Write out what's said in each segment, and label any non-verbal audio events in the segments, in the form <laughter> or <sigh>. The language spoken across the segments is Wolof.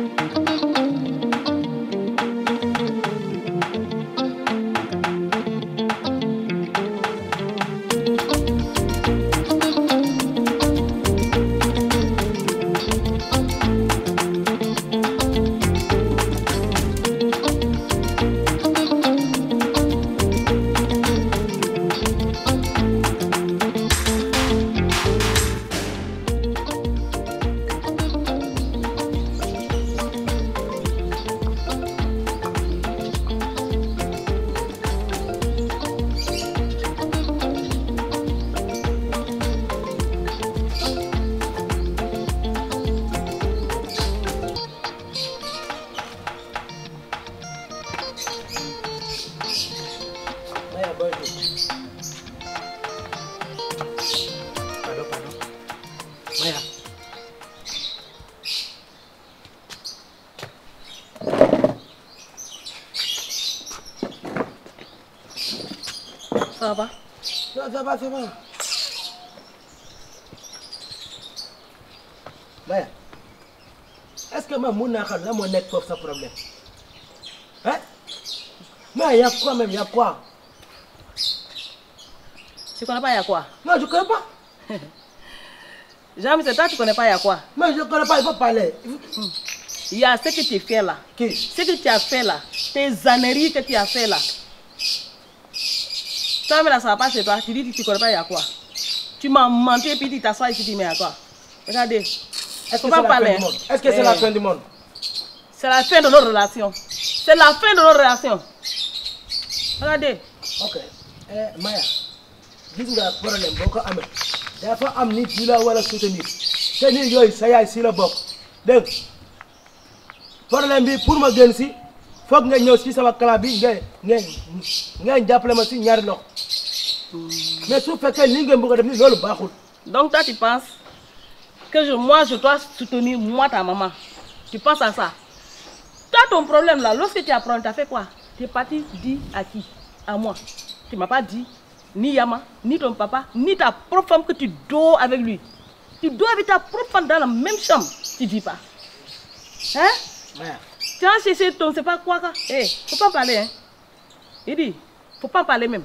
Thank you. Ça va Ça, va, est-ce que maman mun naa xam lan problème hein mais y a quoi même y a quoi. tu connais pas y a quoi. non je connais pas. jamais <laughs> c'est toi tu connais pas y a quoi. mais je connais pas il faut parler. Il y a ce que tu fais là. ce que tu as fait là tes âneries que tu as fait là. Tu pas Tu ne pas, y a quoi Tu m'as menti et puis tu t'assois ici, tu dis, à quoi Regardez. Est-ce que c'est la, est -ce que c'est la fin du monde C'est la fin de nos relations. C'est la fin de nos relations. Regardez. Ok. Eh, Maya, dis la problème. Beaucoup là la elle a soutenir un ça y ici le donc problème pour ma il nga que tu sama clan bi mais su que li pas bëgg def donc toi tu penses que je moi je dois soutenir moi ta maman tu penses à ça toi ton problème là lorsque tu apprends tu as fait quoi tu es parti dire à qui à moi tu m'as pas dit ni Yama ni ton papa ni ta propre femme que tu dois avec lui tu dois avec ta propre femme dans la même chambre tu dis pas hein. Tu as cherché ton, c'est pas quoi, quoi. Hé, eh, faut pas parler, hein. Il dit, faut pas parler même.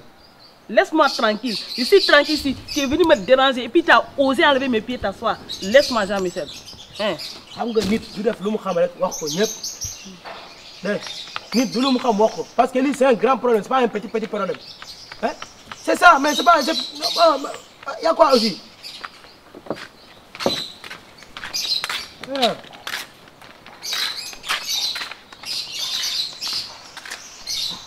Laisse-moi tranquille. Je suis tranquille ici. Tu es venu me déranger et puis tu as osé enlever mes pieds t'asseoir. Laisse-moi, Jean-Michel. Hein. Parce que lui, c'est un grand problème, c'est pas un petit, petit problème. Hein? C'est ça, mais c'est pas. Il y a quoi aussi? Eh.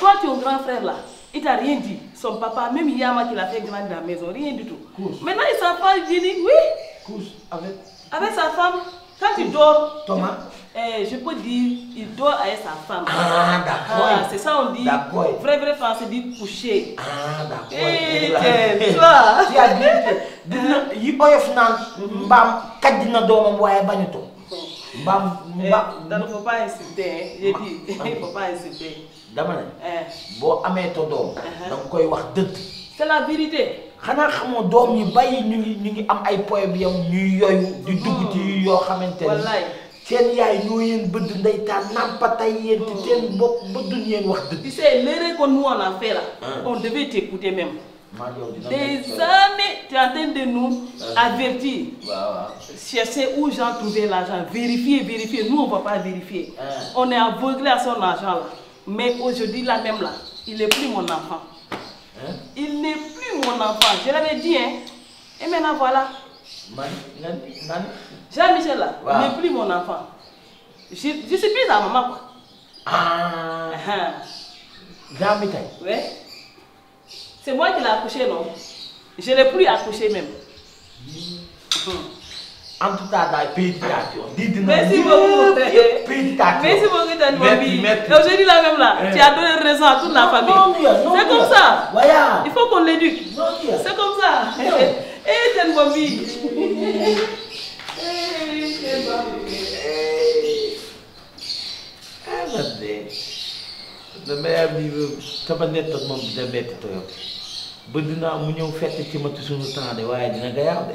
Toi, ton grand frère là, il t'a rien dit. Son papa, même Yama qui l'a fait grandir dans la maison, rien du tout. Maintenant, il s'en parle, il dit oui. Couche, avec Avec sa femme. Quand il dort. Thomas. Eh, je peux dire, il dort avec sa femme. Ah, d'accord. Ah, c'est ça, on dit. D'accord. Vrai, vrai français dit coucher. Ah, d'accord. Eh, eh t'es, toi. <laughs> Tu as dit, il y a un bam, quatre dîners d'or, on voit un Bam, bam. Il ne faut pas insulter, j'ai dit, il ne faut <laughs> pas insulter dama ne. Eh. boo amee to doom. Uh-huh. da nga koy wax dëgg. c'est la vérité. xanaa xamoo doom yi bàyyi ñu ngi ñu ngi am ay problème ñuy yooyu. di mm-hmm. dugg ci yoo xamante ne. wallaay seen yaay ñoo yéen bëdd ndeytaan nàmpatay yéen. te seen mm-hmm. bopp bëddul yéen wax dëgg. tu sais l'erreur que nous on a fait là. Ah. on devait t'écouter même. des années tu es en train de nous ah. avertir chercher où j'ai trouvé l'argent vérifier vérifier nous on va pas vérifier ah. on est aveuglé à son argent là mais aujourd'hui, là même, là, il n'est plus mon enfant. Hein? Il n'est plus mon enfant. Je l'avais dit, hein. Et maintenant, voilà. Jean-Michel, là, il n'est plus mon enfant. Je, suis plus à maman, quoi. Ah. Jean-Michel. Ah. C'est moi qui l'ai accouché, non Je ne l'ai plus accouché, même. Hmm. Hmm. En tout cas, dans pays de la Merci beaucoup. Merci beaucoup, là même là, eh. tu as donné raison à toute la famille. C'est comme ça. Il faut qu'on l'éduque. C'est comme ça. <laughs> Eh, une Mabi. <laughs> Eh, yaay une sama Eh, une Eh, une Eh, ci ma Eh,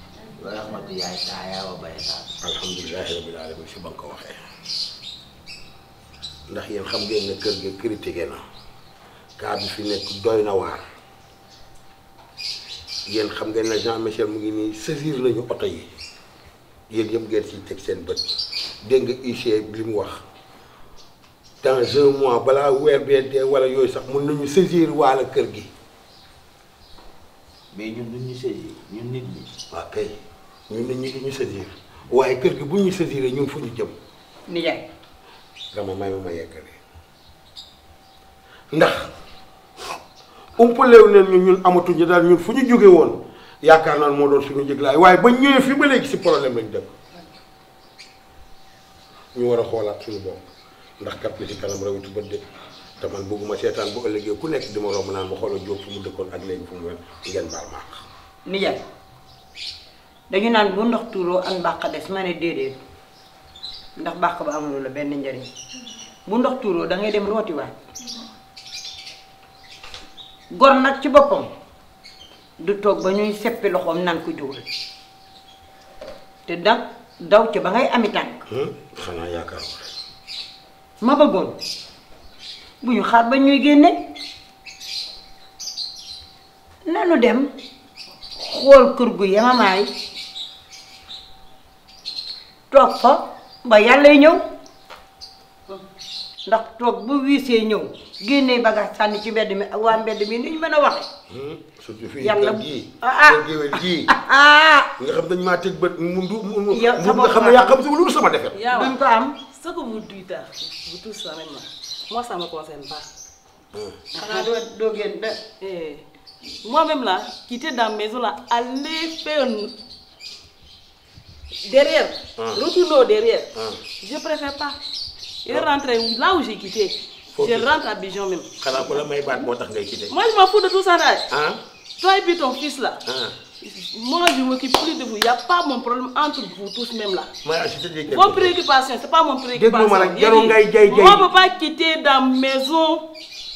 ورحمة الله تعالى وبركاته الحمد لله رب العالمين si ban ko waxee ndax yéen xam ngeen ne kër gi critiqué na kaa bi fi nekk doy na waar yéen xam ngeen ne Jean Michel mu ngi nii saisir nañu oto yi yéen yëpp ngeen ciy teg seen bët dégg nga UG li mu wax dans un mois balaa weer bee dee wala yooyu sax mun nañu saisir waala kër gi mais ñun duñ ñu saisir ñun nit ñi waa kay ñun dañ ñu ñu saisir waaye kër gi bu ñu saisiree ñun fu ñu jëm. nijaay. dama may ma yeggale ndax umpalewu leen ñun ñun amatuñu daal ñu fu ñu jóge woon yaakaar naa moo doon suñu jëglaay waaye ba ñëwee fii ma léegi si problème lañ dem ñu war a xoolaat suñu bopp ndax kat li si kanam rawitu bët de te man bëgguma seetaan bu ëllëgee ku nekk di ma romb naan ma xoolal jóg fu mu dëkkoon ak léegi fu mu ngeen baal maax nijaay dañu naan bu ndox tuuroo ak mbàq des ma ne déedéet ndax mbàq ba amuloo la benn njariñ bu ndox tuuroo dangay dem rootiwaat gor nag ci boppam du toog ba ñuy seppi loxoom naan ko jógal te nag daw ca ba ngay ami tànk xanaa yaakaar ma bëggoon bu ñu xaar ba ñuy génne nanu dem xool kër gu yemamaay toog fa ba yàllay ñëw ndax toog bu wiisee ñëw génnee bagage sànni ci mbedd mi ak waa mbedd mi ni ñu mën a waxe surtout fii yàlla gi géwél nga xam dañ maa teg bët sama loolu sama defet duñ ko am ce que vous dites vous tous ça même moi ça me concerne pas xanaa doo doo génn de moi-même là quitter dans maison là aller faire derrière, l'autre ah. retourne derrière. Ah. Je préfère pas. Je rentre là où j'ai quitté. je rentre à Bijan même. Moi, je m'en fous de tout ça là. Ah. Toi et puis ton fils là. Moi, je m'occupe plus de vous. Il n'y a pas mon problème entre vous tous même là. Mon préoccupation, ce n'est pas mon préoccupation. Moi, je ne peux pas quitter dans la maison,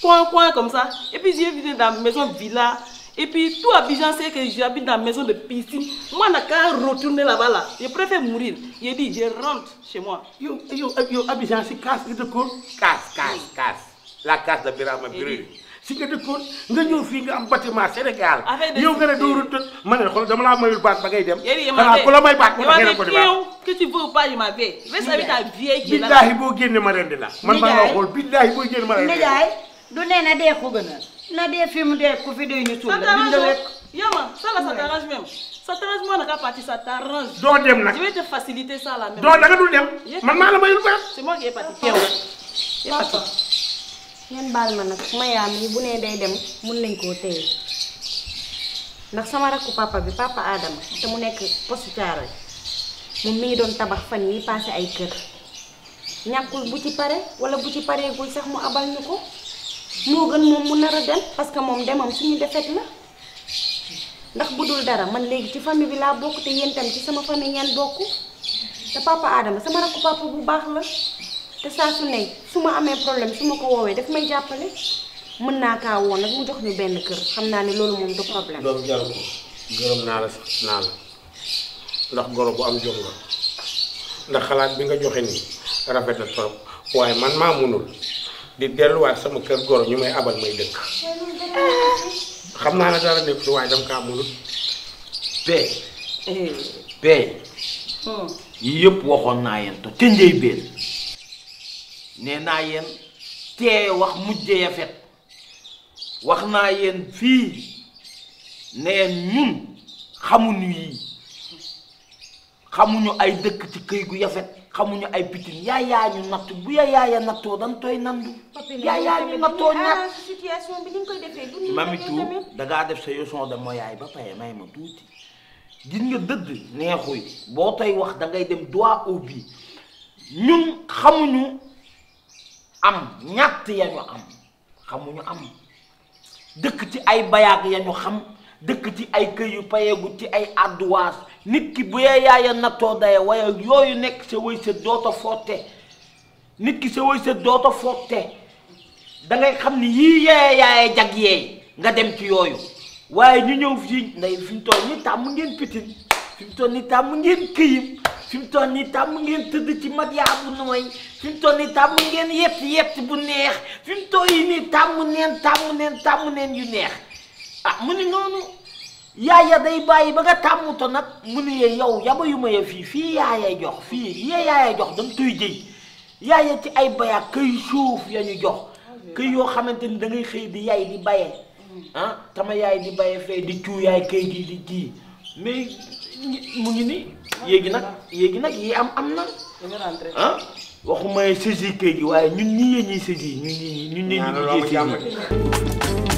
coin, coin comme ça. Et puis, je vais dans la maison, villa. Et puis tout Abidjan sait que j'habite dans la maison de piscine. Moi, n'a qu'à retourner là-bas. Là. Je préfère mourir. Il dit, je rentre chez moi. Yo, yo, Abidjan, c'est casse, de quoi? Casse, casse, casse. La casse de Birama si nous bâtiment Sénégal. ma ne que tu veux pas man Il a des films de fi dee ñu Ça t'arrange bind yama ça là ça t'arrange même ça t'arrange moi naka parti ça t'arrange Donc, je vais te faciliter ça là Donc, doo da nga dul dem man c'est moi qui ai parti teew yé papa ngeen baal ma nag ma yaam yi bu nee day dem mun nañ ko téye ndax sama rakku papa bi papa adam te mu nek poste mu mi ngi doon tabax fan yi passé ay kër ñakul bu ci paré wala bu ci paré gul sax mu abal ñuko moo gën moom mu nar a dem parce que moom demam suñu defet la ndax bu dul dara man léegi ci famille bi laa bokk te yéen tam ci sama famille ngeen bokk te papa Adama sama rakku papa bu baax la te saa su ne su ma amee problème su ma ko woowee daf may jàppale mën naa kaa woon nag mu jox ñu benn kër xam naa ni loolu moom du problème. loolu jaru ko naa la naa la ndax golo bu am jom nga ndax xalaat bi nga joxe nii rafet na trop waaye man maa munul. di delluwaat sama kër goro ñu may abal may dëkk xam naa ne dara nekk si waaye dama kaa mënut bee bee yii yëpp waxoon naa yéen to ca njëy beel nee naa yéen tee wax mujj yafet wax naa yéen fii neen ñun xamuñu yii xamuñu ay dëkk ci këy gu yafet xamuñu ay bitim yaa yaa ñu natt bu yaa yaa ya nattoo dañ tooy nandu. yaa yaa ñu nattoo ah, ñàkk situation bi ni nga koy defee du da ngaa def sa leçon de yaay ba pare may ma tuuti. gis nga dëdd neexuy boo tey wax da dem droit au bi ñun xamuñu am ñàtt ya ñu am xamuñu am dëkk ci ay bayaag ya ñu xam dëkk ci ay kër yu payeegu ci ay adduwaas nit ki bu yee yaaya nattoo daya waaye yooyu nekk sa way sa dooto footte nit ki sa way sa dooto footte dangay xam ni yii yee yaaya jag yeey nga dem ci yooyu waaye ñu ñëw fii nday fi mu nii tàmm ngeen pitin fi mu nii tàmm ngeen këyim fi mu nii tàmm ngeen tëdd ci mat yaa bu nooy fi mu nii tàmm ngeen yett yett bu neex fi mu yi nii tàmm neen tàmm neen tàmm neen yu neex ah mu ni noonu yaaya day bàyyi ba nga tàmmuto nag mu ne yee yow yabayuma ya fii fii yaaya jox fii yee yaaya jox danga koy jëy yaaya ci ay bayaa këy suuf ya ñu jox këy yoo xamante ni da ngay xëy di yaay di bayee ah tama yaay di bayee fee di cuuyaay këy gi di kii mais mu ngi ni yéegi nag yéegi nag yi am am na ah waxuma saisir këy gi waaye ñun ñii yee ñuy saisir ñun ñii ñun ñee ñu liggéey saisir